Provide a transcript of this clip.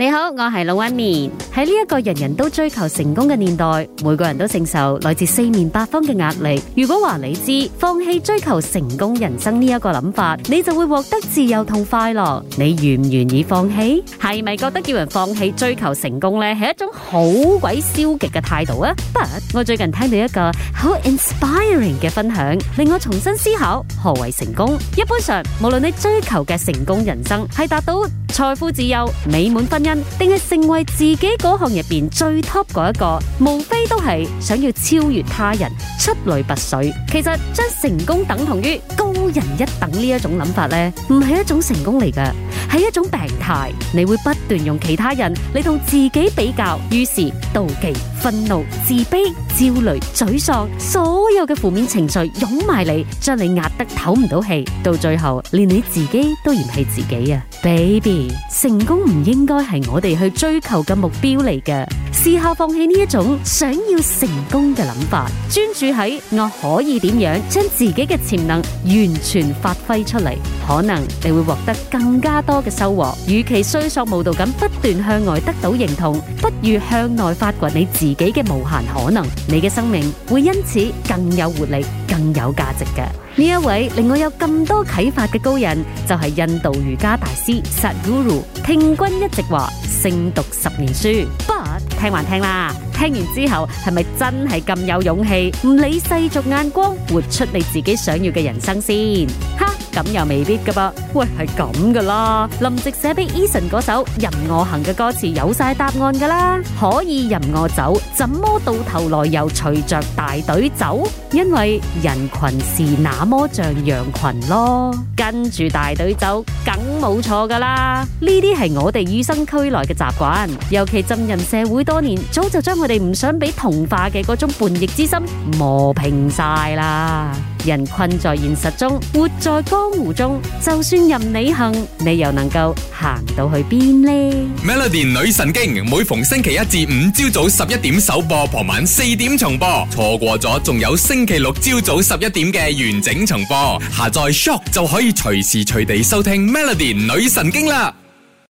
你好，我係龍紋敏。喺呢一個人人都追求成功嘅年代，每個人都承受來自四面八方嘅壓力。如果話你知放棄追求成功人生呢一個諗法，你就會獲得自由同快樂。你願唔願意放棄？係咪覺得叫人放棄追求成功呢？係一種好鬼消極嘅態度啊？But 我最近聽到一個好 inspiring 嘅分享，令我重新思考何為成功。一般上，無論你追求嘅成功人生係達到財富自由、美滿婚姻。定係成為自己嗰行入邊最 top 嗰一個，無非都係想要超越他人，出類拔萃。其實將成功等同於高。高人一等呢一種諗法呢，唔係一種成功嚟㗎，係一種病態。你會不斷用其他人嚟同自己比較，於是妒忌、憤怒、自卑、焦慮、沮喪，所有嘅負面情緒湧埋你，將你壓得唞唔到氣，到最後連你自己都嫌棄自己啊，baby！成功唔應該係我哋去追求嘅目標嚟㗎。試下放棄呢一種想要成功嘅諗法，專注喺我可以點樣將自己嘅潛能完全發揮出嚟，可能你會獲得更加多嘅收穫。與其虛索無道咁不斷向外得到認同，不如向內發掘你自己嘅無限可能。你嘅生命會因此更有活力，更有價值嘅。呢一位令我有咁多啟發嘅高人，就係、是、印度瑜伽大師薩古魯。聽君一席話勝讀十年書，聽還聽啦，聽完之後係咪真係咁有勇氣，唔理世俗眼光，活出你自己想要嘅人生先？咁又未必噶噃，喂係咁噶啦，林夕寫俾 Eason 嗰首《任我行》嘅歌詞有晒答案噶啦，可以任我走，怎麼到頭來又隨着大隊走？因為人群是那麼像羊群咯，跟住大隊走梗冇錯噶啦，呢啲係我哋與生俱來嘅習慣，尤其浸淫社會多年，早就將我哋唔想俾同化嘅嗰種叛逆之心磨平晒啦。人困在現實中，活在江湖中，就算任你行，你又能夠行到去邊呢？Melody 女神經每逢星期一至五朝早十一點首播，傍晚四點重播，錯過咗仲有星期六朝早十一點嘅完整重播。下載 Shop 就可以隨時隨地收聽 Melody 女神經啦。